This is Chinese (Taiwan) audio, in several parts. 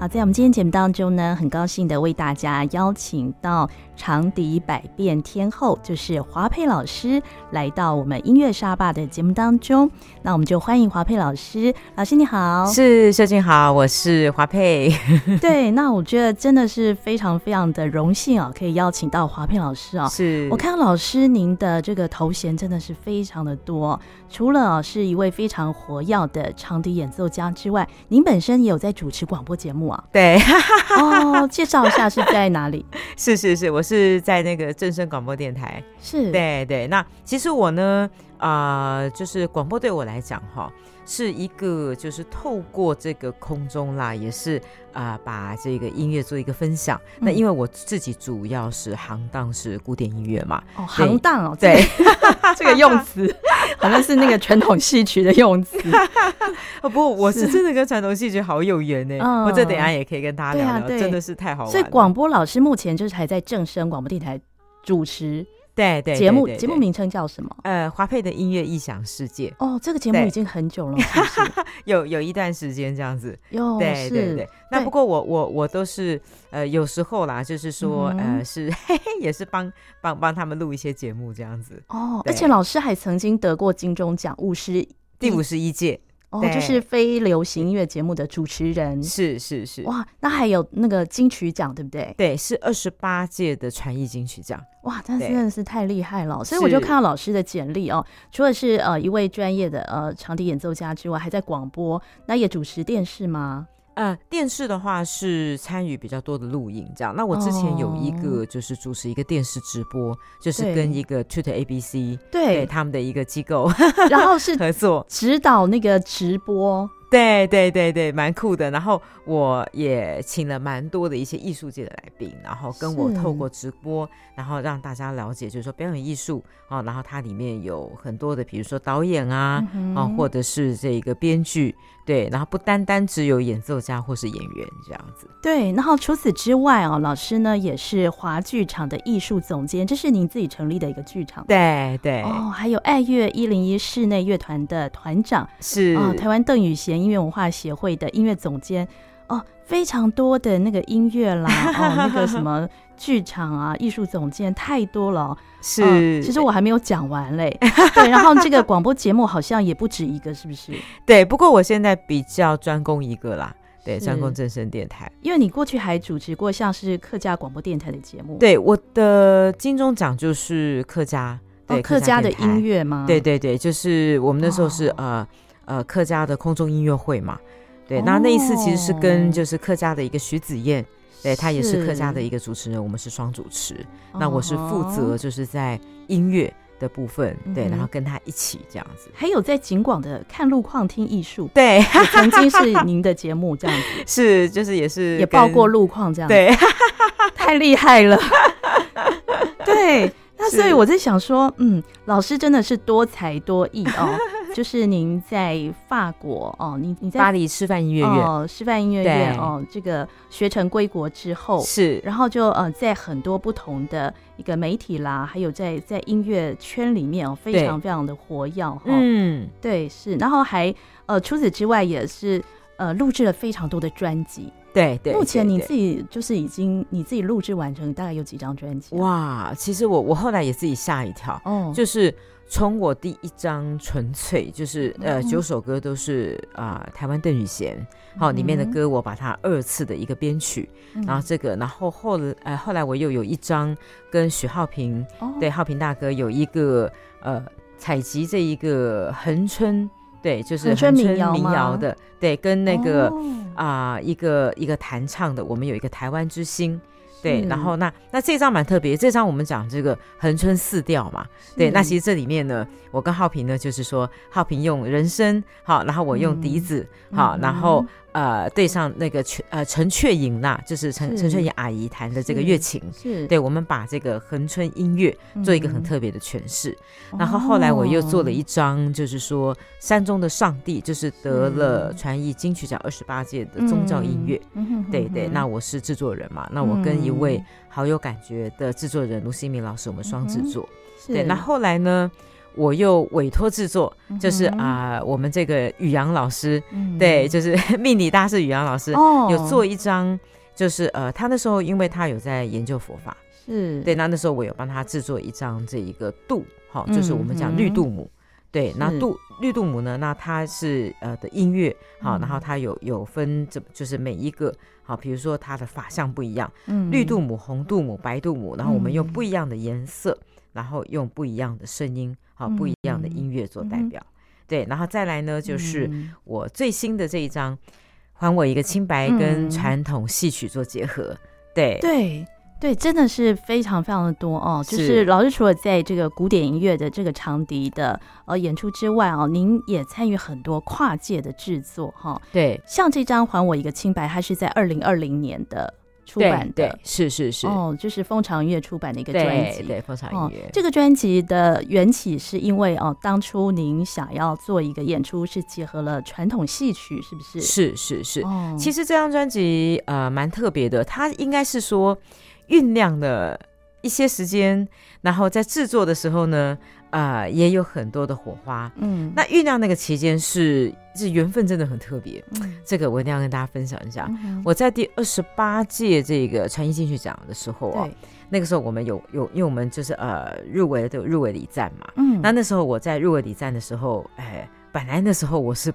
好，在我們今天節目當中呢，很高興的為大家邀請到長笛百變天後就是華珮老師來到我們音樂沙巴的節目當中，那我們就歡迎華珮老師。老師你好，是秀靜好，我是華珮。 對，那我覺得真的是非常非常的榮幸啊，可以邀請到華珮老師啊。是，我看老師您的這個頭銜真的是非常的多，除了是一位非常活躍的長笛演奏家之外，您本身也有在主持廣播節目啊？對， 哦，介紹一下是在哪裡？ 是是是我，是在那個正聲廣播電台，是對對。那其實我呢，啊、呃，就是廣播對我來講、哦，哈。是一個，就是透過這個空中啦，也是啊、呃，把這個音樂做一個分享、嗯。那因為我自己主要是行當是古典音樂嘛，哦，行當哦，對， 這個用詞 好像是那個傳統戲曲的用詞。 哦，不過我是真的跟傳統戲曲好有緣呢、欸嗯，我這等下也可以跟大家聊聊，對啊、對，真的是太好了，所以廣播老師目前就是還在正聲廣播電台主持。對對，節目節目名稱叫什麼？呃，華珮的音樂異想世界。哦，這個節目已經很久了，是是 有有一段時間這樣子。有、哦、對對對，那不過我我我都是呃有時候啦，就是說、嗯、呃是 也是幫幫幫,幫他們錄一些節目這樣子。哦，而且老師還曾經得過金鐘獎，五十第五十一屆。哦，就是非流行音樂節目的主持人，是是是，哇，那還有那個金曲獎，對不對？對，是二十八屆的傳藝金曲獎，哇，但是真的是太厲害了，所以我就看到老師的簡歷哦，除了是呃一位專業的呃長笛演奏家之外，還在廣播，那也主持電視嗎？呃，電視的話是參與比較多的錄影，這樣。那我之前有一個就是主持一個電視直播，哦、就是跟一個 TutorABC 對、對他們的一個機構，然後是合作指導那個直播。 對對對對、對，蠻酷的。然後我也請了蠻多的一些藝術界的來賓，然後跟我透過直播，然後讓大家了解，就是說表演藝術、哦、然後它裡面有很多的，比如說導演啊、嗯、啊，或者是這個編劇。對，然後不單單只有演奏家或是演員這樣子。對，然後除此之外啊、哦，老師呢也是華劇場的藝術總監，這是您自己成立的一個劇場。對對。哦，還有愛樂一零一室內樂團的團長是啊、哦，台灣鄧雨賢音樂文化協會的音樂總監。哦，非常多的那個音樂啦， 哦，那個什麼劇場啊，藝 術總監太多了、哦。是、嗯，其實我還沒有講完嘞、欸。 對，然後這個廣播節目好像也不止一個，是不是？對，不過我現在比較專攻一個啦。對，專攻正聲電台。因為你過去還主持過像是客家廣播電台的節目。對，我的金鐘獎就是客家。對、哦、客家電台。客家的音樂嗎？對對對，就是我們那時候是、哦、呃呃客家的空中音樂會嘛。對，那那一次其實是跟就是客家的一個徐子燕，oh. 對他也是客家的一個主持人，我們是雙主持，uh -huh. 那我是負責就是在音樂的部分，uh -huh. 對，然後跟他一起這樣子，還有在警廣的看路況聽藝術，對，曾經是您的節目這樣子， 是就是也是也報過路況這樣子，對， 太厲害了， 對。啊、所以我在想說，嗯，老師真的是多才多藝哦。 就是您在法國哦，你你在巴黎師範音樂院，哦、師範音樂院對哦，這個學成歸國之後是，然後就呃，在很多不同的一個媒體啦，還有在在音樂圈裡面哦，非常非常的活躍、哦。嗯，對，是，然後還呃，除此之外也是呃，錄製了非常多的專輯。對對，目前你自己就是已經你自己錄制完成，大概有幾張專輯？啊？哇，其實我我後來也自己嚇一跳，嗯、oh.，就是從我第一張純粹就是，oh. 呃九首歌都是啊、呃、台灣鄧雨賢好、oh. 裡面的歌，我把它二次的一個編曲，mm. 然後這個然後後呃後來我又有一張跟許浩平、oh. 對浩平大哥有一個呃採集這一個恆春。對，就是恆春民謠的謠，對，跟那個啊、oh. 呃，一個一個彈唱的，我們有一個台灣之星，對，然後那那這張蠻特別，這張我們講這個恆春四調嘛，對，那其實這裡面呢，我跟浩平呢就是說，浩平用人聲好，然後我用笛子、嗯、好，然後。呃，對上那個呃陳雀吟吶，就是陳陳雀吟阿姨彈的這個月琴，是，是對我們把這個恆春音樂做一個很特別的詮釋。嗯、然後後來我又做了一張，就是說山中的上帝，就是得了傳藝金曲獎二十八屆的宗教音樂。嗯、對對，那我是製作人嘛、嗯，那我跟一位好有感覺的製作人盧新明老師，我們雙製作。嗯、對，那後來呢？我又委託製作、嗯，就是啊、呃，我們這個宇陽老師、嗯，對，就是命理大師宇陽老師、哦、有做一張，就是呃，他那時候因為他有在研究佛法，是對，那那時候我有幫他製作一張這一個度，好、哦，就是我們講綠度母、嗯，對，那度綠度母呢，那它是呃的音樂，好、哦嗯，然後它有有分這就是每一個。好，比如說它的法相不一樣，嗯，綠度母、紅度母、白度母，然後我們用不一樣的顏色，嗯、然後用不一樣的聲音，好，嗯、不一樣的音樂做代表、嗯，對，然後再來呢，就是我最新的這一張《還我一個青白》跟傳統戲曲做結合，對、嗯、對。對對，真的是非常非常的多哦。就是老師除了在這個古典音樂的這個長笛的呃演出之外哦，您也參與很多跨界的制作哈、哦。對，像這張《還我一個青白》，它是在二零二零年的出版的，對對是是是哦，就是風潮音樂出版的一個專輯。對對，風潮音樂、哦、這個專輯的緣起是因為哦，當初您想要做一個演出，是結合了傳統戲曲，是不是？是是是。哦、其實這張專輯呃蠻特別的，它應該是說。醞釀了一些時間，然後在制作的時候呢，啊、呃，也有很多的火花。嗯，那醞釀那個期間是，緣分真的很特別、嗯。這個我一定要跟大家分享一下。嗯、我在第二十八屆這個傳藝金曲獎的時候啊、哦，那個時候我們有有，因為我們就是呃入圍的入圍禮讚嘛。嗯，那那時候我在入圍禮讚的時候，哎、欸，本來那時候我是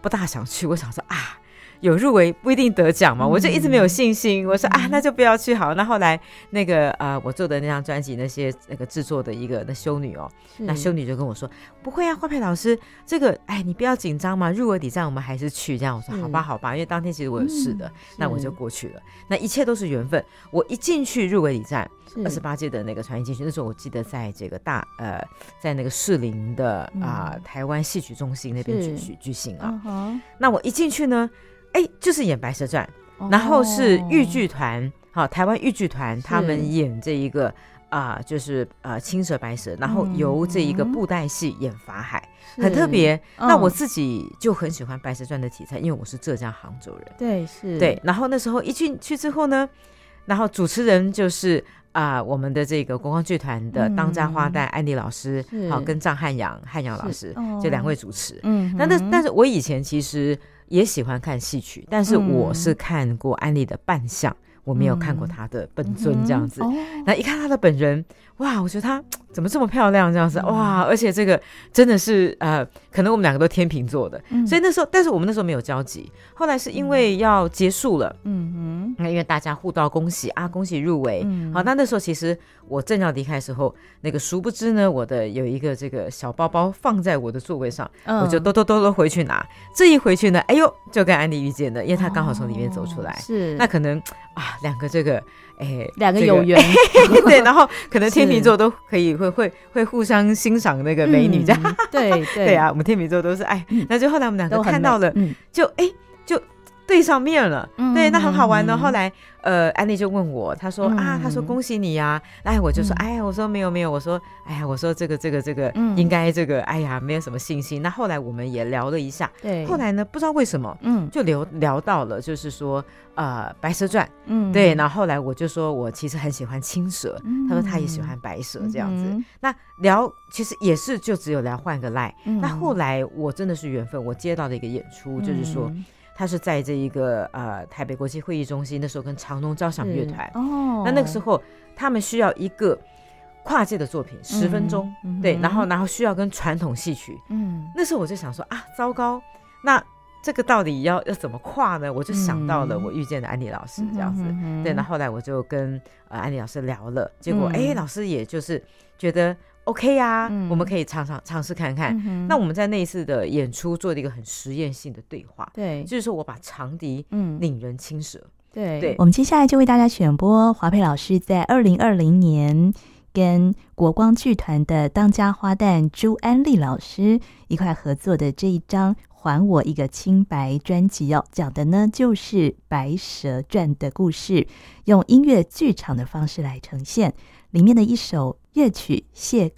不大想去，我想說啊。有入圍不一定得獎嘛，我就一直沒有信心。嗯、我說啊，那就不要去、嗯、好。那後來那個呃，我做的那張專輯，那些那個制作的一個那修女哦，那修女就跟我說不會啊，華珮老師這個哎，你不要緊張嘛，入圍底站我們還是去。這樣我說、嗯、好吧好吧，因為當天其實我有事的，嗯、那我就過去了。那一切都是緣分。我一進去入圍底站二十八屆的那個傳藝進去，那時候我記得在這個大呃，在那個士林的啊、嗯呃、台灣戲曲中心那邊舉行舉行啊、嗯。那我一進去呢。哎，就是演《白蛇傳》oh.，然後是豫劇團，好、啊，台灣豫劇團他們演這一個啊、呃，就是呃青蛇白蛇，mm -hmm. 然後由這一個布袋戲演法海，很特別。Oh. 那我自己就很喜歡《白蛇傳》的題材，因為我是浙江杭州人。對，是，對。然後那時候一進去，去之後呢，然後主持人就是啊、呃，我們的這個國光劇團的當家花旦、mm -hmm. 安迪老師，好、啊，跟張漢陽漢陽老師，這、oh. 兩位主持。嗯、mm -hmm.，那那但是我以前其實。也喜歡看戲曲，但是我是看過安利的扮相，嗯、我沒有看過他的本尊這樣子。嗯嗯嗯哦，那一看他的本人，哇，我覺得她怎麼這麼漂亮這樣子？嗯、哇，而且這個真的是呃，可能我們兩個都天秤座的，嗯，所以那時候，但是我們那時候沒有交集。後來是因為要結束了，嗯哼，那、嗯、因為大家互道恭喜啊，恭喜入圍。好、嗯，那、啊、那時候其實我正要離開的時候，那個殊不知呢，我的有一個這個小包包放在我的座位上，嗯，我就哆哆哆哆回去拿。這一回去呢，哎呦，就跟安迪遇見了，因為他剛好從裡面走出來。哦、是，那可能啊，兩個這個。哎、欸，兩個有緣、這個欸，對，然後可能天秤座都可以會會會互相欣賞那個美女這樣，嗯、哈哈對對對，對啊，我們天秤座都是哎、嗯，那就後來我們兩個看到了，就、嗯、哎就。欸就對上面了、嗯，對，那很好玩呢、嗯。後來，呃，安妮就問我，她說、嗯、啊，她說恭喜你呀。哎，我就說，嗯、哎呀，我說沒有沒有，我說，哎呀，我說這個這個這個、嗯，應該這個，哎呀，沒有什麼信心。那後來我們也聊了一下，對。後來呢，不知道為什麼，嗯，就聊聊到了，就是說，呃，白蛇傳，嗯，對。然後後來我就說我其實很喜歡青蛇，他、嗯、說他也喜歡白蛇、嗯、這樣子。嗯、那聊其實也是就只有聊換個賴、嗯。那後來我真的是緣分，我接到了一個演出、嗯、就是說。他是在這一個呃，台北國際會議中心，那時候跟長隆交響樂團哦，那那個時候他們需要一個跨界的作品，十、嗯、分鐘、嗯、對，然後然後需要跟傳統戲曲，嗯，那時候我就想說啊糟糕，那這個到底要要怎麼跨呢？我就想到了我遇見的安妮老師、嗯、這樣子，嗯嗯嗯、對，那後，後來我就跟呃安妮老師聊了，結果、嗯、哎老師也就是覺得。OK 呀、啊嗯，我們可以嘗嘗嘗試看看、嗯。那我們在那一次的演出做了一個很實驗性的對話，對，就是說我把長笛令人青蛇、嗯對。對，我們接下來就為大家選播華珮老師在二零二零年跟國光劇團的當家花旦朱安麗老師一塊合作的這一張《還我一個青白》專輯哦，講的呢就是白蛇傳的故事，用音樂劇場的方式來呈現。裡面的一首樂曲《邂逅》。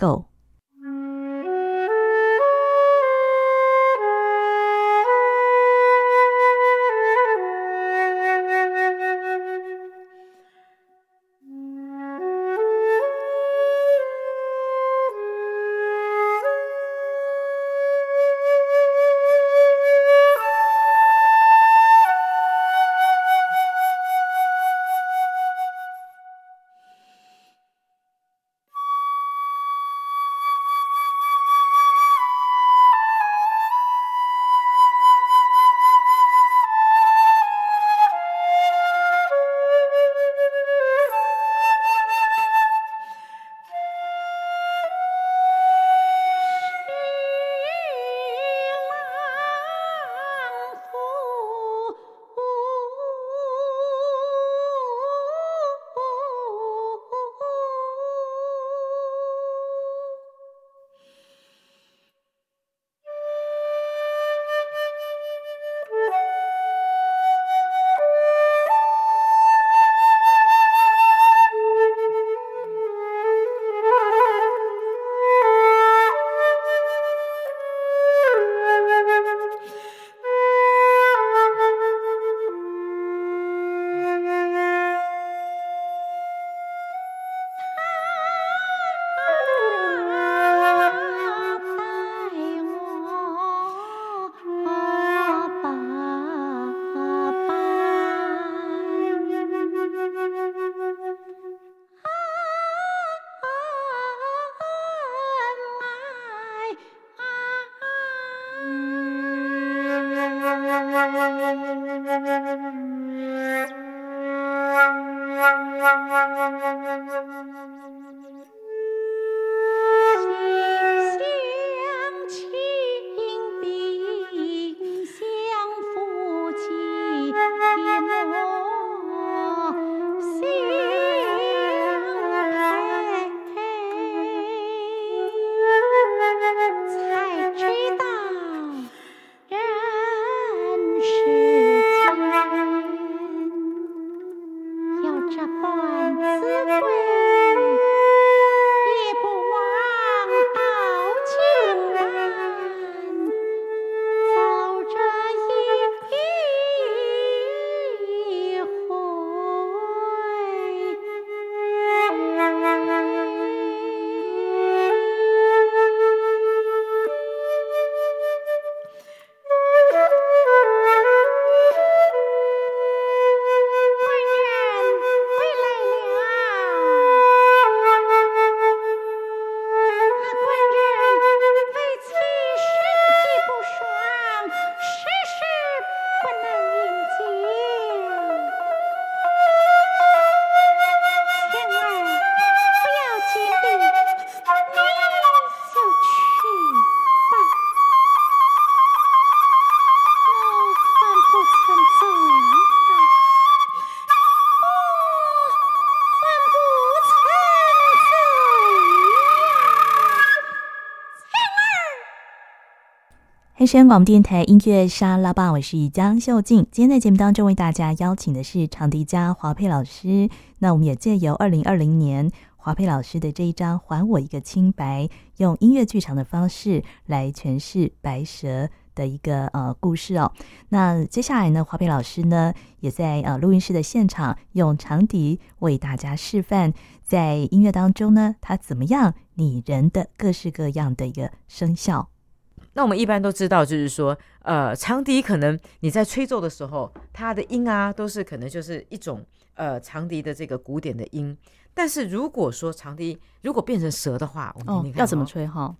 中央廣播電台音樂沙拉吧，我是江秀靜。今天在節目當中為大家邀請的是長笛家華佩老師。那我們也借由二零二零年華佩老師的這一張《還我一個青白》，用音樂劇場的方式來詮釋白蛇的一個呃故事哦。那接下來呢，華佩老師呢也在呃錄音室的現場用長笛為大家示範，在音樂當中呢，他怎麼樣擬人的各式各樣的一個聲效。那我們一般都知道，就是說，呃，長笛可能你在吹奏的時候，它的音啊，都是可能就是一種，呃，長笛的這個古典的音。但是如果說長笛如果變成蛇的話，我們聽聽喔、哦，要怎麼吹哈？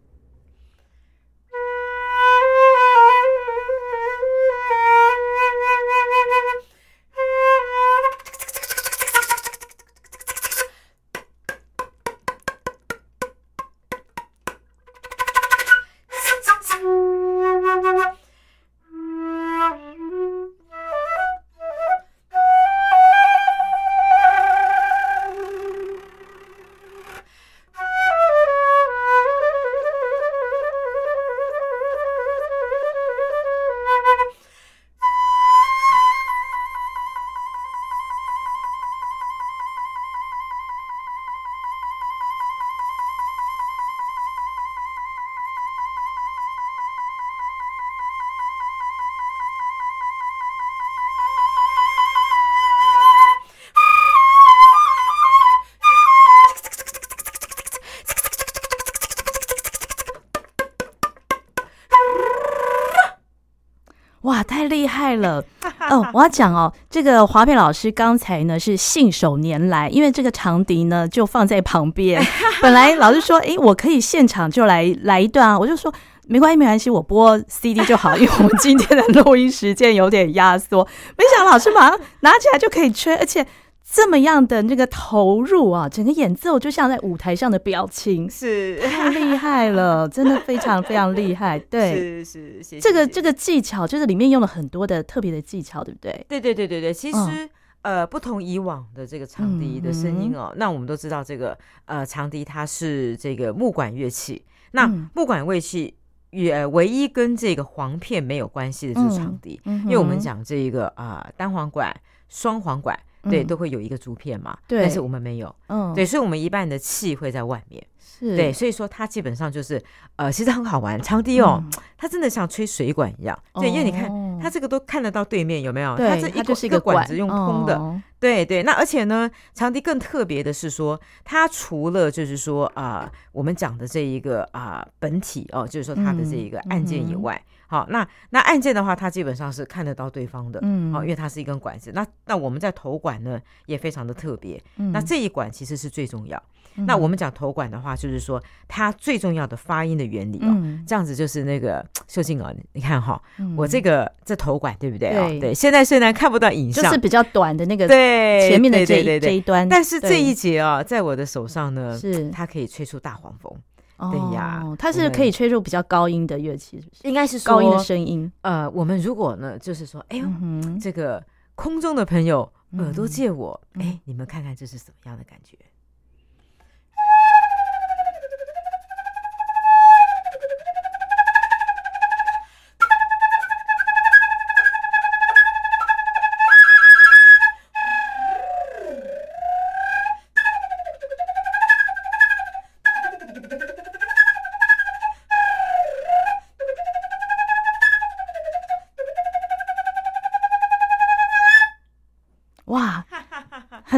了哦，我要講哦，這個華珮老師剛才呢是信手拈來，因為這個長笛呢就放在旁邊。本來老師說，哎、欸，我可以現場就來來一段啊，我就說沒關係沒關係，我播 CD 就好，因為我們今天的錄音時間有點壓縮。沒想到老師馬上拿起來就可以吹，而且。這麼樣的那個投入啊，整個演奏就像在舞台上的表情，是太厲害了， 真的非常非常厲害。對，是是，謝謝。這個這個技巧就是裡面用了很多的特別的技巧，對不對？對對對對對。其實、哦、呃，不同以往的這個長笛的聲音哦、嗯，那我們都知道這個呃長笛它是這個木管樂器，那木管樂器也唯一跟這個簧片沒有關係的就是長笛、嗯，因為我們講這一個啊、呃、單簧管、雙簧管。對、嗯，都會有一個竹片嘛，對，但是我們沒有，嗯、哦，對，所以我們一半的氣會在外面是，對，所以說它基本上就是，呃，其實很好玩，長笛哦、嗯，它真的像吹水管一樣，對，哦、因為你看它這個都看得到對面有沒有，對它這一個它就是一個，一個管子用通的，哦、對對，那而且呢，長笛更特別的是說，它除了就是說啊、呃，我們講的這一個啊、呃、本體哦，就是說它的這一個按鍵以外。嗯嗯嗯好，那那按鍵的話，它基本上是看得到對方的，嗯，好、哦，因為它是一根管子。那那我們在頭管呢，也非常的特別、嗯。那這一管其實是最重要。嗯、那我們講頭管的話，就是說它最重要的發音的原理、哦、嗯，這樣子就是那個秀靜啊、哦，你看哈、哦嗯，我這個這頭管對不對啊、哦？對。現在雖然看不到影像，就是比較短的那個對前面的這這一端對對對，但是這一節啊、哦，在我的手上呢，是它可以吹出大黃蜂。對呀，哦，它是可以吹入比較高音的樂器，是不是？應該是說高音的聲音。呃，我們如果呢，就是說，哎喲，嗯，這個空中的朋友，耳朵借我，嗯，哎，你們看看這是什麼樣的感覺。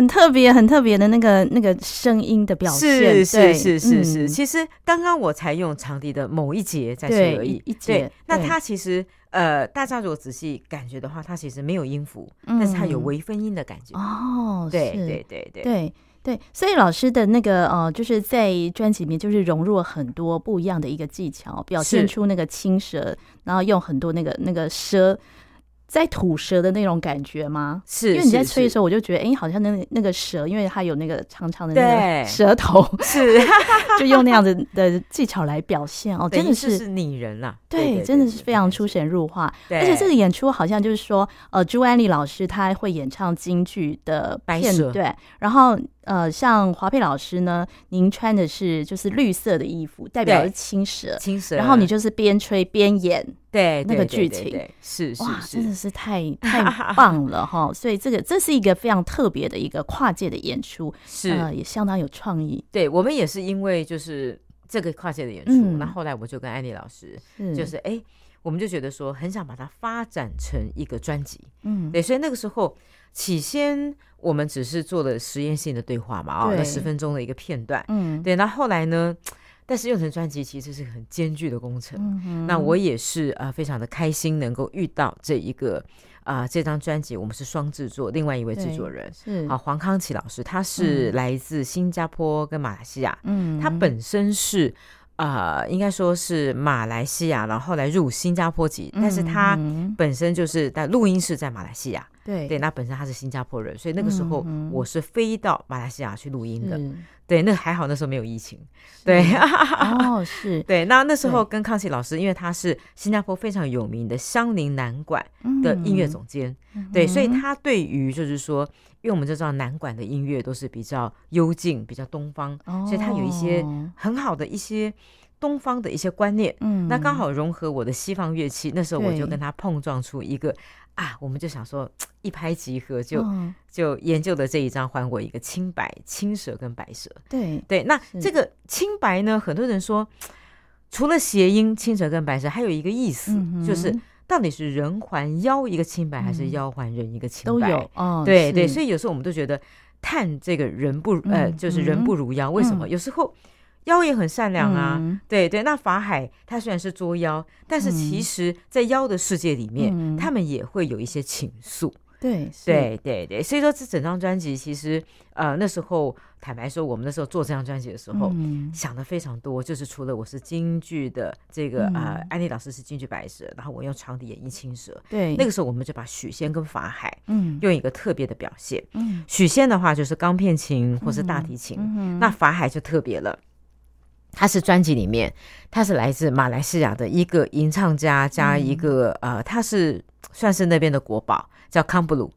特別很特別的那個那個聲音的表現，是是是是，是，是、嗯、其實剛剛我才用長笛的某一節在吹而已，對一節。那它其實呃，大家如果仔細感覺的話，它其實沒有音符、嗯，但是它有微分音的感覺。哦，對是對對對對對，對。所以老師的那個呃，就是在專輯裡面就是融入了很多不一樣的一個技巧，表現出那個青蛇，然後用很多那個那個蛇在吐舌的那種感覺嗎？是，因為你在吹的時候，我就覺得，哎、欸，好像那那個舌因為它有那個長長的那個舌頭， 是， 就用那樣子的技巧來表現 哦，真的是擬是是人啊。對，對，真的是非常出神入化。對對對對，而且這個演出好像就是說，呃，朱安麗老師他會演唱京劇的白蛇。對然後呃，像華佩老師呢，您穿的是就是綠色的衣服，代表是青蛇，青蛇，然後你就是邊吹邊演。對,對,對,對,對，那個劇情對對對是,是,是哇，真的是太太棒了哈！ 所以這個這是一個非常特別的一個跨界的演出，是、 呃、也相當有創意。對我們也是因為就是這個跨界的演出，那、嗯、後,後來我就跟安妮老師，就是哎、嗯欸，我們就覺得說很想把它發展成一個專輯，嗯，對。所以那個時候起先我們只是做了實驗性的對話嘛，哦，那十分鐘的一個片段，嗯，對。那後,後來呢？但是用成專輯其實是很艱巨的工程。嗯、那我也是啊、呃，非常的開心能夠遇到這一個啊、呃、這張專輯。我們是雙製作，另外一位製作人是啊、呃、黃康琪老師，他是來自新加坡跟馬來西亞。嗯，他本身是啊、呃，應該說是馬來西亞，然後後來入新加坡籍，但是他本身就是在錄音室在馬來西亞。對，那本身他是新加坡人，所以那個時候我是飛到馬來西亞去錄音的，嗯。對，那還好那時候沒有疫情。對， 哦，是對。那那時候跟康熙老師，因為他是新加坡非常有名的湘靈南管的音樂總監，嗯，對，所以他對於就是說，因為我們都知道南管的音樂都是比較幽靜、比較東方，哦，所以他有一些很好的一些東方的一些觀念。嗯、那剛好融合我的西方樂器，那時候我就跟他碰撞出一個。啊，我們就想說一拍即合，就、哦、就研究的這一張還我一個青白，青蛇跟白蛇。對對，那這個青白呢，很多人說除了諧音青蛇跟白蛇，還有一個意思、嗯、就是到底是人還妖一個清白，還是妖還人一個清白？都有。對對、對，所以有時候我們都覺得嘆這個人不如，呃，就是人不如妖，為什麼？有時候。妖也很善良啊、嗯，對對。那法海他雖然是捉妖、嗯，但是其實，在妖的世界裡面，他、嗯、們也會有一些情愫。對，對對對。所以說，這整張專輯其實，呃，那時候坦白說，我們那時候做這張專輯的時候、嗯，想的非常多，就是除了我是京劇的這個啊、嗯呃，安妮老師是京劇白蛇，然後我用長笛演繹青蛇。對，那個時候我們就把許仙跟法海，嗯，用一個特別的表現。嗯，許仙的話就是鋼片琴或是大提琴，嗯，那法海就特別了。他是專輯裡面，他是來自馬來西亞的一個吟唱家加一個、嗯、呃，他是算是那邊的國寶，叫康布魯。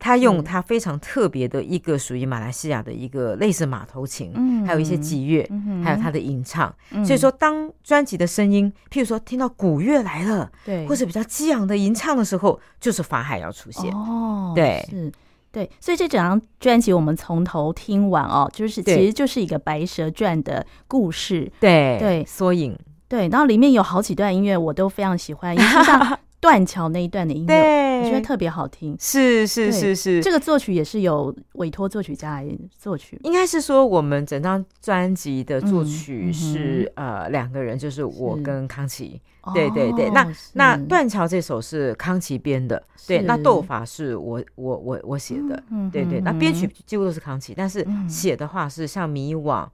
他用他非常特別的一個屬於馬來西亞的一個類似馬頭琴、嗯，還有一些擊樂、嗯嗯，還有他的吟唱、嗯。所以說，當專輯的聲音，譬如說聽到古樂來了，對，或者比較激昂的吟唱的時候，就是法海要出現哦，對是。對，所以這整張專輯我們從頭聽完哦，就是其實就是一個《白蛇傳》的故事，對對縮影，對。然後裡面有好幾段音樂我都非常喜歡，就像。 斷橋那一段的音樂，我覺得特別好聽。是是是是，是，這個作曲也是有委托作曲家來作曲。應該是說，我們整張專輯的作曲是、嗯嗯、呃兩個人，就是我跟康奇、哦嗯。對對對，那那斷橋這首是康奇編的，對。那鬥法是我我我我寫的，對對。那編曲幾乎都是康奇、嗯，但是寫的話是像迷惘。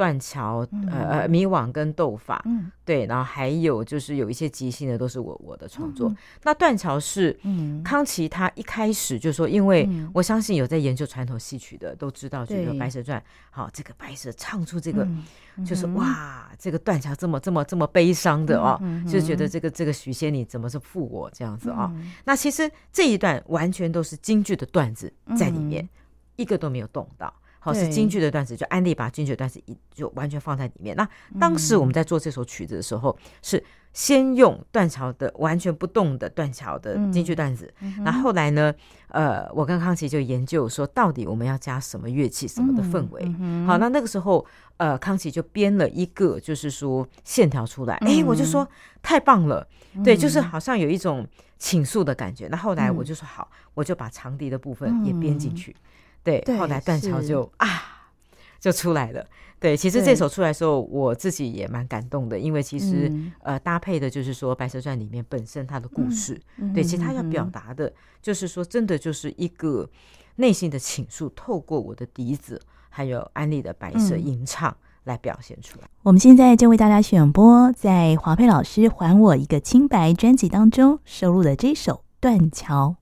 斷橋，呃、嗯、呃，迷惘跟鬥法，嗯，對，然後還有就是有一些即興的，都是我我的創作。嗯、那斷橋是康奇，他一開始就說，因為我相信有在研究傳統戲曲的都知道，就那個《白蛇傳》好、哦，這個白蛇唱出這個，嗯、就是哇，這個斷橋這麼這麼這麼悲傷的哦，嗯嗯嗯、就是、覺得這個這個許仙你怎麼是負我這樣子哦、嗯。那其實這一段完全都是京劇的段子在裡面、嗯，一個都沒有動到。好，是京劇的段子，就安利把京劇段子一就完全放在裡面。那當時我們在做這首曲子的時候，嗯、是先用斷橋的完全不動的斷橋的京劇段子。那、嗯嗯、後來呢，呃，我跟康熙就研究說，到底我們要加什麼樂器，什麼的氛圍、嗯嗯？好，那那個時候，呃，康熙就編了一個，就是說線條出來。哎、嗯，我就說太棒了、嗯，對，就是好像有一種傾訴的感覺。那、嗯、後來我就說好，我就把長笛的部分也編進去。對，對，後來斷橋就啊，就出來了。對，其實這首出來的時候，我自己也蠻感動的，因為其實、嗯、呃，搭配的就是說《白蛇傳》裡面本身它的故事。嗯嗯、對，其實它要表達的就是說，真的就是一個內心的傾訴，嗯、透過我的笛子還有安利的白色吟唱來表現出來、嗯嗯。我們現在就為大家選播在華佩老師《還我一個青白》專輯當中收錄的這首《斷橋》。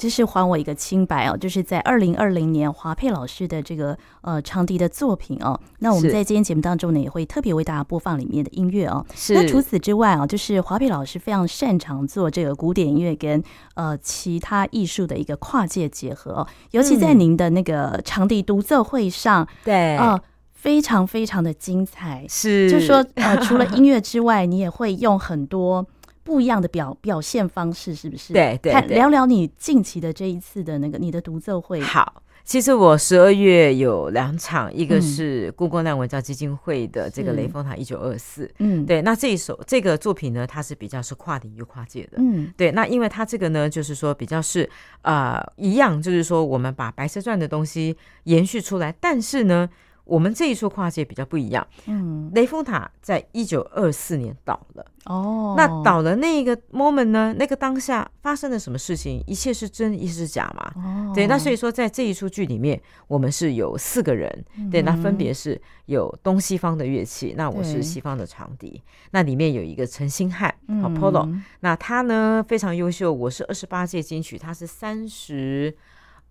就是還我一個青白哦！就是在二零二零年華珮老師的這個呃長笛的作品哦，那我們在今天節目當中呢也會特別為大家播放裡面的音樂哦。是，那除此之外啊，就是華珮老師非常擅長做這個古典音樂跟呃其他藝術的一個跨界結合，哦，尤其在您的那個長笛獨奏會上，嗯呃、對哦，非常非常的精彩。是，就說呃 除了音樂之外，你也會用很多。不一樣的表表現方式是不是？對對，對看，聊聊你近期的這一次的那個你的獨奏會。好，其實我十二月有兩場，嗯，一個是故宮梁文教基金會的這個《雷峰塔一九二四》，嗯，對。那這一首這個作品呢，它是比較是跨領域，跨界的，嗯，對。那因為它這個呢，就是說比較是呃一樣，就是說我們把《白蛇傳》的東西延續出來，但是呢。我們這一齣跨界比較不一樣。嗯、雷峰塔在一九二四年倒了，哦。那倒的那個 moment 呢，那個當下發生了什麼事情？一切是真，一是假嘛，哦？對。那所以說，在這一齣劇裡面，我們是有四個人，嗯。對，那分別是有東西方的樂器。那我是西方的長笛。那裡面有一個陳星漢，好、嗯、Polo。那他呢非常優秀。我是二十八屆金曲，他是三十。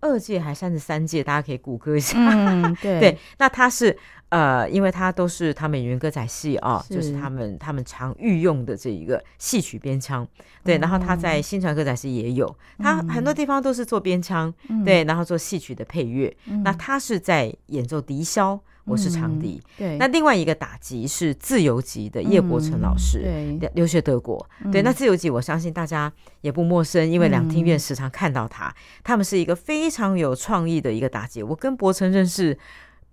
二屆還是三十三屆，大家可以谷歌一下、嗯。對， 對，那他是呃，因為他都是他們雲歌仔戲啊、哦，就是他們他們常御用的這一個戲曲編腔、嗯。對，然後他在新傳歌仔戲也有、嗯，他很多地方都是做編腔、嗯。對，然後做戲曲的配樂、嗯。那他是在演奏笛簫。我是長笛、嗯，對。那另外一個打擊是自由級的葉伯成老師、嗯，對，留學德國、嗯。對，那自由級我相信大家也不陌生，因為兩廳院時常看到他、嗯。他們是一個非常有創意的一個打擊。我跟伯成認識，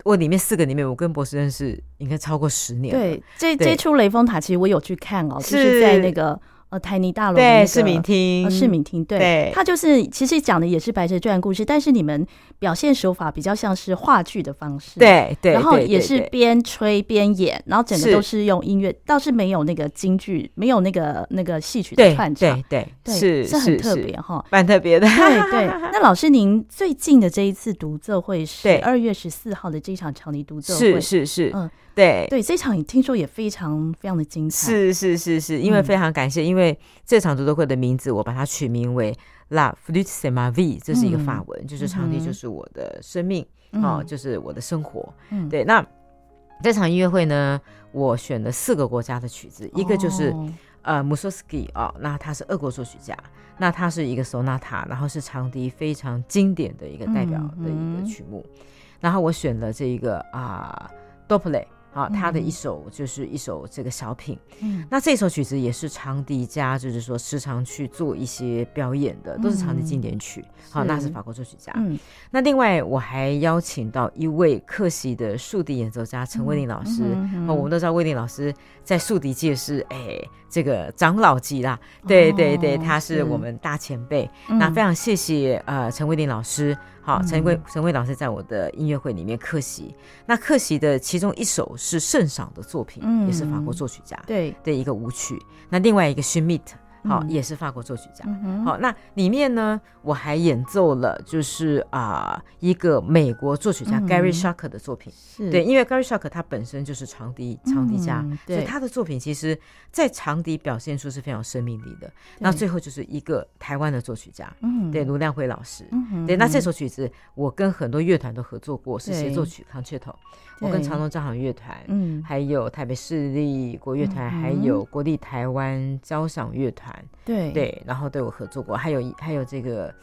我裡面四個裡面，我跟伯成認識應該超過十年。對，這對這出《雷峰塔》其實我有去看哦、喔，就是在那個。呃，台泥大樓市民廳，市民廳，對，他就是其實講的也是白蛇傳故事，但是你們表現手法比較像是話劇的方式，對對，然後也是邊吹邊演，然後整個都是用音樂，倒是沒有那個京劇，沒有那個那個戲曲的串場，對對，對，對，對，是是很特別哈，蠻、哦、特別的。對對。那老師，您最近的這一次獨奏會是二月十四號的這一場長笛獨奏會，是是是，嗯。對對，這場你聽說也非常非常的精彩。是是是是，因為非常感謝，嗯、因為這場獨奏會的名字我把它取名為《Love l u t u s e m a V》，這是一個法文，嗯、就是長笛，就是我的生命、嗯、哦，就是我的生活、嗯。對，那這場音樂會呢，我選了四個國家的曲子，嗯、一個就是呃 m u 穆索斯 i 哦，那他是俄國作曲家，那他是一個 Sonata，然後是長笛非常經典的一個代表的一個曲目，嗯嗯、然後我選了這一個啊多、呃 oh. 普 r 啊，他的一首就是一首這個小品，嗯，那這首曲子也是長笛家，就是說時常去做一些表演的，嗯、都是長笛經典曲。好、嗯哦，那是法國作曲家。嗯，那另外我還邀請到一位客席的豎笛演奏家陳威寧老師、嗯嗯嗯嗯哦。我們都知道威寧老師在豎笛界是誒、欸、這個長老級啦、哦。對對對，他是我們大前輩、嗯。那非常謝謝呃陳威寧老師。好，陳偉陳偉老師在我的音樂會裡面客席，那客席的其中一首是聖賞的作品，嗯，也是法國作曲家對的一個舞曲，那另外一個是 Shimit 好，也是法國作曲家、嗯。好，那裡面呢，我還演奏了，就是啊、呃，一個美國作曲家 Gary Schocker 的作品、嗯，是。對，因為 Gary Schocker 他本身就是長笛長笛家、嗯對，所以他的作品其實在長笛表現出是非常生命力的。那最後就是一個台灣的作曲家，嗯、對盧亮輝老師、嗯。對，那這首曲子我跟很多樂團都合作過，是協奏曲 Concerto。我跟長榮交響樂團，嗯，還有台北市立國樂團、嗯，還有國立台灣交響樂團。對對，然後都有合作過，還有還有這個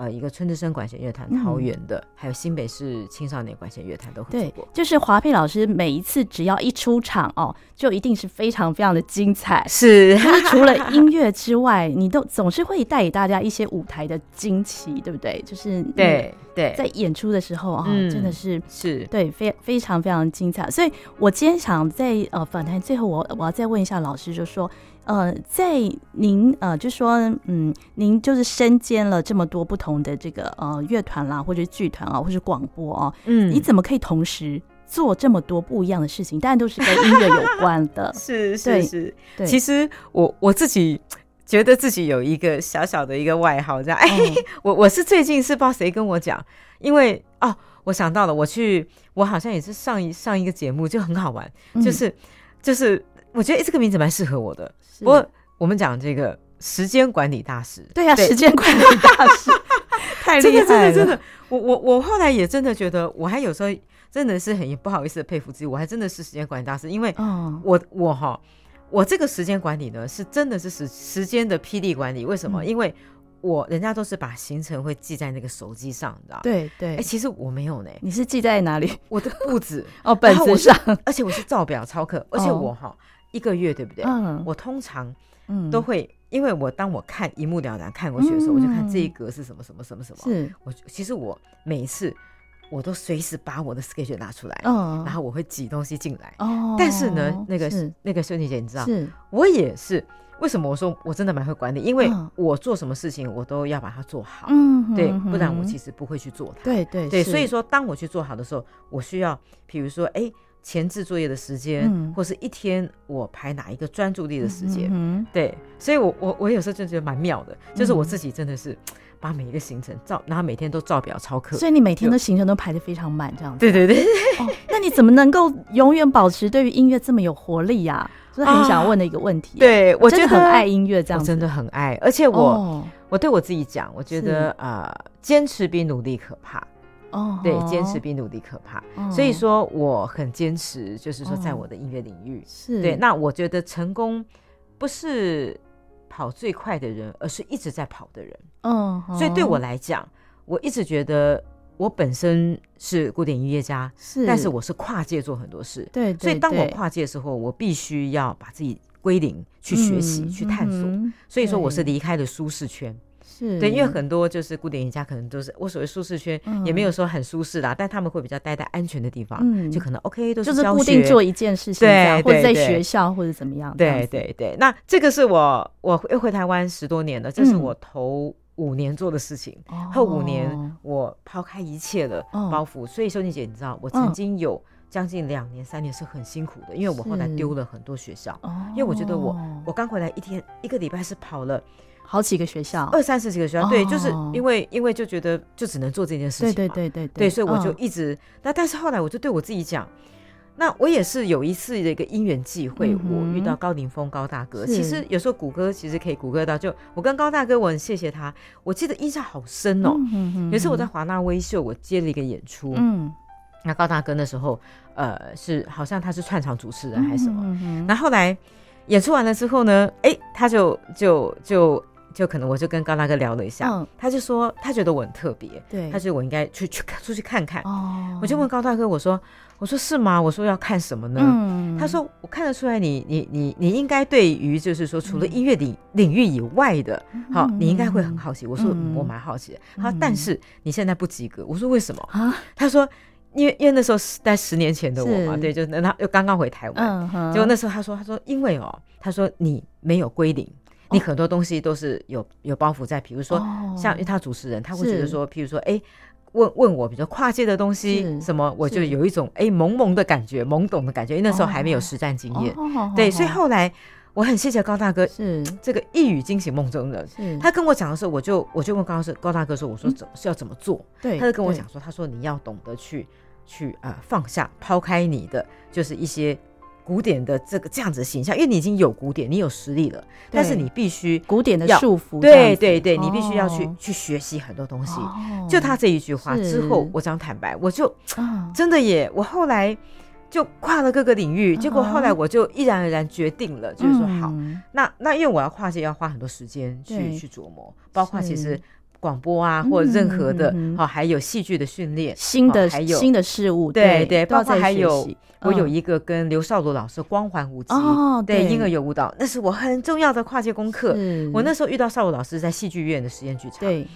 呃，一個春之聲管弦樂團、嗯、桃園的，還有新北市青少年管弦樂團都合作過。就是華珮老師每一次只要一出場哦，就一定是非常非常的精彩。是、啊，除了音樂之外， 你都總是會帶給大家一些舞台的驚奇，對不對？就是對對，在演出的時候啊、哦，真的是、嗯、是，對非非常非常精彩。所以我今天想在呃訪談最後我，我我要再問一下老師，就說。呃，在您呃，就說嗯，您就是身兼了這麼多不同的這個呃樂團啦，或者劇團啊，或者是廣播啊，嗯，你怎麼可以同時做這麼多不一樣的事情？當然都是跟音樂有關的， 是，對，是是是。其實我我自己覺得自己有一個小小的一個外號，這樣。哎，哎我我是最近是不知道誰跟我講，因為哦，我想到了，我去，我好像也是上一上一個節目就很好玩，就是、嗯、就是。我覺得哎，這個名字蠻適合我的。不過我們講這個時間管理大師，對呀、啊，時間管理大師， 太厲害了！真的，真的，真的，我我我後來也真的覺得，我還有時候真的是很不好意思的佩服自己，我還真的是時間管理大師。因為我、哦，我我哈，我這個時間管理呢，是真的是時時間的 PD 管理。為什麼？嗯、因為，我人家都是把行程會記在那個手機上，知道嗎？的對對。哎、欸，其實我沒有呢。你是記在哪裡？我的簿子 哦，本子上。而且我是照表操課、哦，而且我哈。一個月對不對？嗯、uh,，我通常都會、嗯，因為我當我看一目了然看過去的時候、嗯，我就看這一格是什麼什麼什麼什麼。是，我其實我每一次我都隨時把我的 schedule 拿出來，uh, 然後我會擠東西進來。哦、oh,，但是呢，那個是那個兄弟姐，你知道，是我也是。為什麼我說我真的蠻會管理？因為我做什麼事情我都要把它做好，uh, 嗯，對，不然我其實不會去做它。對對對，所以說當我去做好的時候，我需要，比如說，哎、欸。前置作業的時間、嗯，或是一天我排哪一個專注力的時間、嗯嗯嗯，對，所以我我我有時候就覺得蠻妙的、嗯，就是我自己真的是把每一個行程照，然後每天都照表操課，所以你每天的行程都排的非常滿，這樣子。對對對，對、 哦。那你怎麼能夠永遠保持對於音樂這麼有活力呀、啊？就是很想要問的一個問題、啊啊。對，我覺得真的很愛音樂，這樣我真的很愛，而且我、哦、我對我自己講，我覺得啊，堅、呃、持比努力可怕。哦、oh，對，堅持比努力可怕。Oh, 所以說，我很堅持，就是說，在我的音樂領域、oh, 對是對。那我覺得成功不是跑最快的人，而是一直在跑的人。哦、oh，所以對我來講，oh. 我一直覺得我本身是古典音樂家，是，但是我是跨界做很多事。對、對、對，所以當我跨界的時候，我必須要把自己歸零，去學習、嗯，去探索。嗯、所以說，我是離開了舒適圈。對，因為很多就是古典音樂家，可能都是我所謂舒適圈、嗯，也沒有說很舒適的啊。但他們會比較待在安全的地方，嗯、就可能 OK，都是、就是固定做一件事情，對、對、對，或者在學校或者怎麼樣,樣。對、對、對、對，那這個是我我又回台灣十多年了，這是我頭五年做的事情，嗯、後五年我拋開一切的、嗯、包袱。所以，秀妮姐，你知道我曾經有將、嗯、近兩年三年是很辛苦的，因為我後來丟了很多學校、嗯，因為我覺得我我剛回來一天、嗯、一個禮拜是跑了。好幾個學校、二三十幾個學校，哦、對，就是因為因為就覺得就只能做這件事情嘛，對對對對、對、對，所以我就一直、哦、那，但是後來我就對我自己講，那我也是有一次的一個因緣際會、嗯，我遇到高凌風高大哥。其實有時候谷歌其實可以谷歌到，就我跟高大哥，我很謝謝他。我記得印象好深哦、喔，嗯哼哼哼，有一次我在華納威秀，我接了一個演出，嗯，那高大哥那時候呃是好像他是串場主持人還是什麼，嗯那後、後來演出完了之後呢，哎、欸，他就就就。就就可能我就跟高大哥聊了一下，嗯、他就說他覺得我很特別，對，他覺得我應該去去出去看看。哦，我就問高大哥，我說我說是嗎？我說要看什麼呢？嗯、他說我看得出來你你你你應該對於就是說除了音樂領、嗯、領域以外的，好、嗯哦，你應該會很好奇。嗯、我說、嗯、我蠻好奇的。嗯、他說但是你現在不及格，我說為什麼？啊？他說因為因為那時候是在十年前的我嘛，是對，就那他又剛剛回台灣，就、嗯、結果那時候他說他說因為哦、喔，他說你沒有歸零。你很多東西都是有有包袱在，比如說像他主持人，哦、他會覺得說，譬如說，哎、欸，問問我，比如說跨界的東西什麼，我就有一種哎懵懵的感覺，懵懂的感覺，因為那時候還沒有實戰經驗、哦。對、哦好好好，所以後來我很謝謝高大哥，是這個一語驚醒夢中人。他跟我講的時候，我就我就問高老師，高大哥說，我說怎麼、嗯、是要怎麼做？對，他就跟我講說，他說你要懂得去去呃、啊、放下，拋開你的就是一些。古典的這個這樣子的形象，因為你已經有古典，你有實力了，但是你必須古典的束縛。對對對，你必須要去、oh. 去學習很多東西。就他這一句話、oh. 之後，我這樣坦白，我就、oh. 真的耶！我後來就跨了各個領域，oh. 結果後來我就毅然而然決定了，就是說好，oh. 那那因為我要跨界，要花很多時間去去琢磨，包括其實。廣播啊，或任何的，好、嗯嗯嗯哦，還有戲劇的訓練，新的，還有新的事物，對對，包括還有、哦、我有一個跟劉紹爐老師光環舞集，哦，對，嬰兒油舞蹈，那是我很重要的跨界功課。我那時候遇到紹爐老師在戲劇院的實驗劇場，對。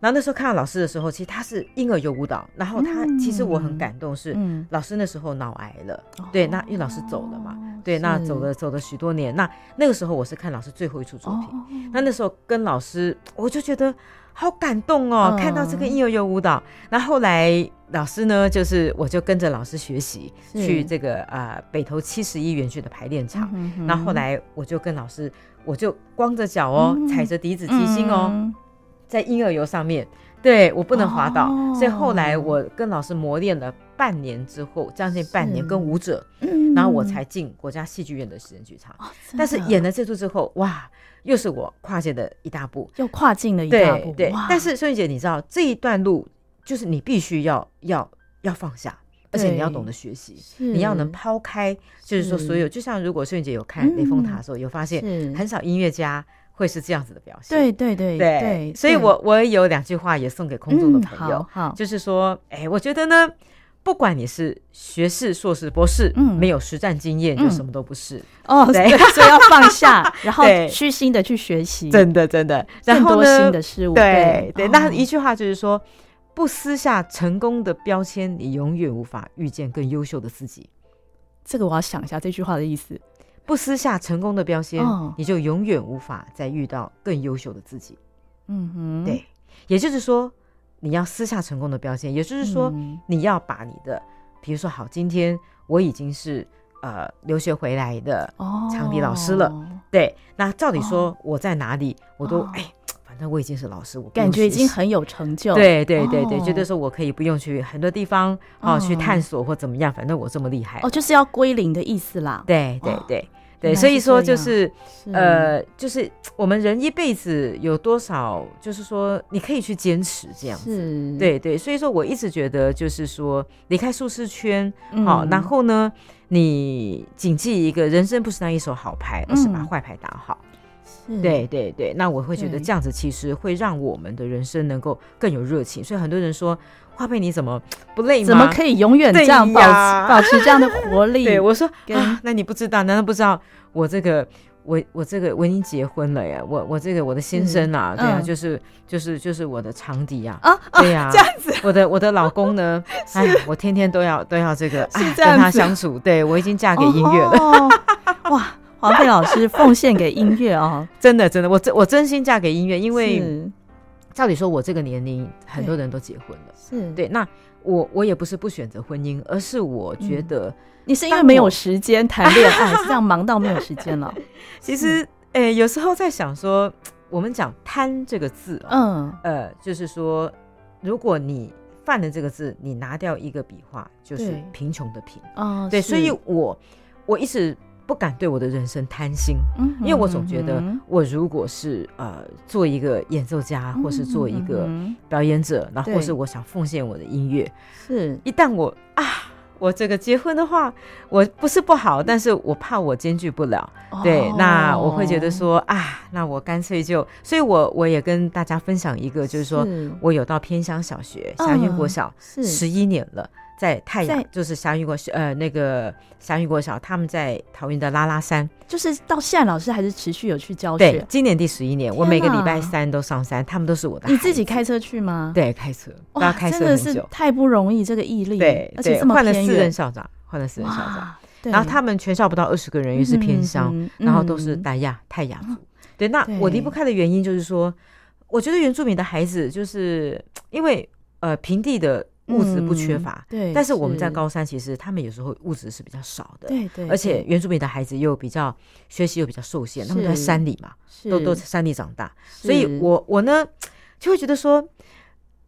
然後那時候看到老師的時候，其實他是嬰兒油舞蹈，然後他、嗯、其實我很感動是，是、嗯、老師那時候腦癌了、哦，對，那因為老師走了嘛，哦、對，那走了走了許多年，那那個時候我是看老師最後一出作品，那、哦、那時候跟老師，我就覺得。好感動哦！嗯、看到這個嬰兒油舞蹈，那後，後來老師呢？就是我就跟着老師學習，去這個啊、呃、北投七十一園區的排練場。那、嗯嗯、後，後來我就跟老師，我就光着腳哦，嗯、踩着笛子、提心哦，嗯、在嬰兒油上面，對我不能滑倒、哦。所以後來我跟老師磨練了半年之後，將近半年跟舞者，嗯、然後我才進國家戲劇院的實驗劇場、哦。但是演了這出之後，哇！又是我跨界的一大步，又跨境了一大步。對，對,對，但是孫穎姐，你知道這一段路，就是你必須要要要放下，而且你要懂得學習，你要能拋開，就是說，所有就像如果孫穎姐有看雷峰塔的時候，有發現很少音樂家會是這樣子的表現。對對對對對，對，所以我我有兩句話也送給空中的朋友，嗯、好好就是說，哎、欸，我覺得呢。不管你是學士、碩士、博士，嗯、沒有實戰經驗就什麼都不是哦、嗯。對， 所以要放下，然後虛心的去學習。真的，真的然後呢。更多新的事物。對對、對、哦，那一句話就是說，不撕下成功的標籤，你永遠無法遇見更優秀的自己。這個我要想一下這句話的意思。不撕下成功的標籤、哦，你就永遠無法再遇到更優秀的自己。嗯哼，對，也就是說。你要撕下成功的標籤，也就是說，你要把你的，嗯、比如說，好，今天我已經是呃留學回來的長笛老師了、哦。對，那照理說我在哪裡、哦、我都哎、哦，反正我已經是老師，我感覺已經很有成就。對對對對，哦、覺得說我可以不用去很多地方、啊、哦，去探索或怎麼樣，反正我這麼厲害。哦，就是要歸零的意思啦。對對對。哦對，所以說就是、是，是，呃，就是我們人一輩子有多少，就是說你可以去堅持這樣子。對對，所以說我一直覺得就是說離開舒適圈，好、嗯，然後呢，你謹記一個人生不是拿一手好牌、嗯，而是把壞牌打好是。對對對，那我會覺得這樣子其實會讓我們的人生能夠更有熱情。所以很多人說。你怎麼不累嗎？怎麼可以永遠這樣保持保持這樣的活力？對我說啊，那你不知道？難道不知道我這個、啊、我我這個我已經結婚了呀？我我這個我的先生啊，對啊，就是就是就是我的長笛呀，啊對呀，這樣子，我的我的老公呢？哎， 我天天都要都要這個哎跟他相處。對我已經嫁給音樂了，哦哦，哇！華珮老師奉獻給音樂啊，哦嗯，真的真的，我真我真心嫁給音樂，因為。照理說，我這個年齡很多人都結婚了，對是對。那我我也不是不選擇婚姻，而是我覺得、嗯、你是因為沒有時間談戀愛，啊、哈哈哈哈還是這樣忙到沒有時間了。其實，哎，有時候在想說，我們講“貪”這個字、啊，嗯，呃，就是說，如果你犯了這個字，你拿掉一個筆畫，就是貧窮的“貧”啊、哦。對，所以我我一直。不敢對我的人生貪心，嗯哼哼，因為我總覺得，我如果是呃做一個演奏家，嗯哼哼，或是做一個表演者，那、嗯、或是我想奉獻我的音樂，是一旦我啊，我這個結婚的話，我不是不好，但是我怕我兼具不了。哦，對，那我會覺得說啊，那我乾脆就，所以我我也跟大家分享一個，就是說是我有到偏鄉小學霞雲國小十一，嗯、年了。在太陽就是祥雲國，呃，那個祥雲國小，他們在桃園的拉拉山，就是到現在老師還是持續有去教學。對，今年第十一年、啊，我每個禮拜三都上山，他們都是我的。你自己開車去嗎？對，開車，哇，開車真的是太不容易，這個毅力。對，對而且換了四任校長，換了四任校長，然後他們全校不到二十個人，又、嗯、是偏鄉、嗯，然後都是南亞、嗯、泰雅族。對，那我離不開的原因就是說，我覺得原住民的孩子，就是因為呃平地的。物質不缺乏、嗯，對，但是我們在高三，其實他們有時候物質是比較少的，對，對對，而且原住民的孩子又比較學習又比較受限，他們在山裡嘛，是都都在山裡長大，所以我我呢就會覺得說，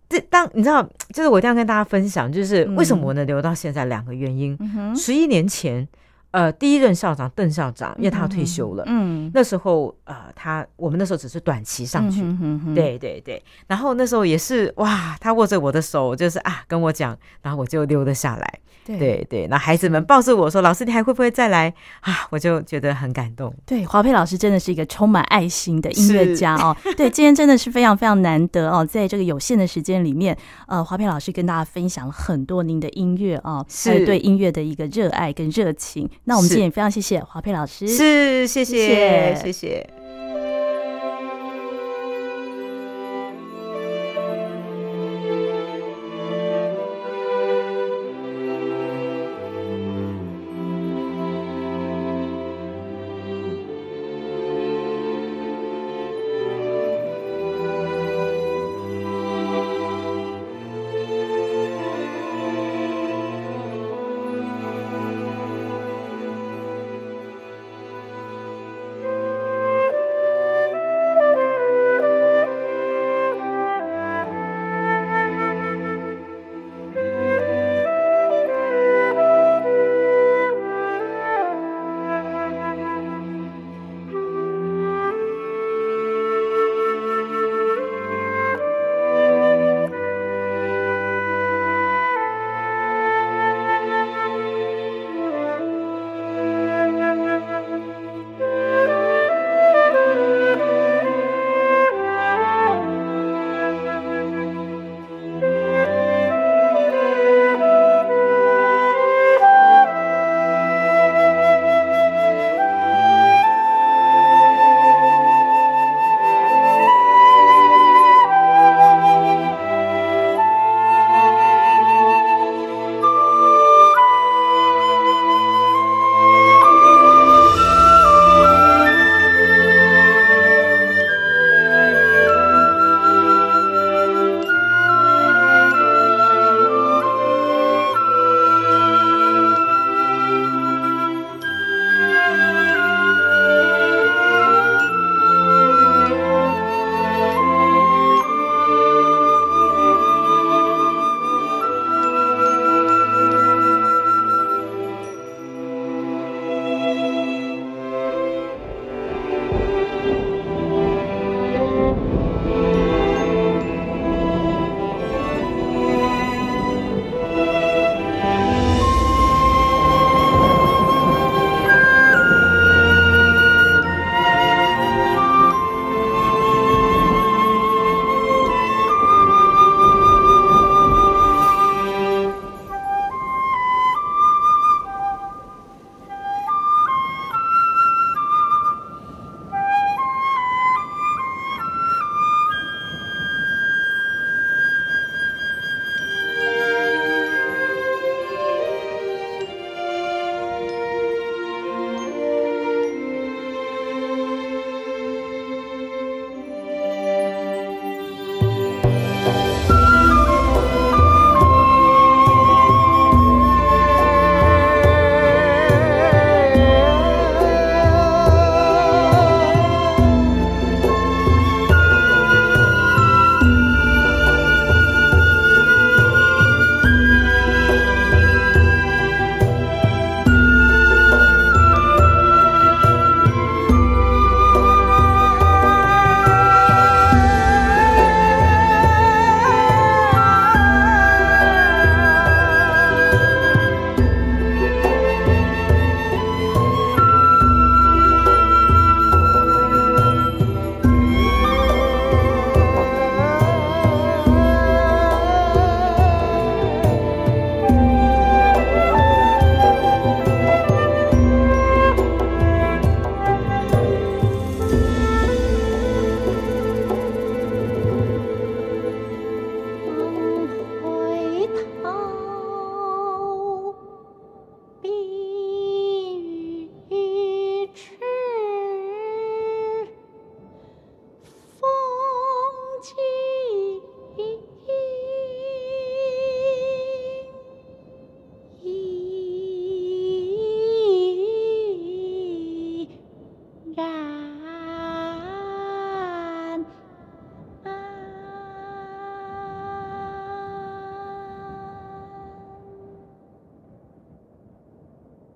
這當你知道，就是我一定要跟大家分享，就是為什麼我能、嗯、留到現在，兩個原因，嗯、十一年前。呃，第一任校長鄧校長，因為他要退休了。嗯。嗯，那時候，呃，他我們那時候只是短期上去。嗯嗯對對對。然後那時候也是哇，他握着我的手，就是啊，跟我講，然後我就溜了下來。對對，對對。那孩子們抱着我說：“老師，你還會不會再來啊？”我就覺得很感動。對，華珮老師真的是一個充滿愛心的音樂家 哦。對，今天真的是非常非常難得哦，在這個有限的時間裡面，呃，華珮老師跟大家分享了很多您的音樂哦，是對音樂的一個熱愛跟熱情。那我們今天也非常謝謝華佩老師，是，謝謝。謝謝。謝謝謝謝。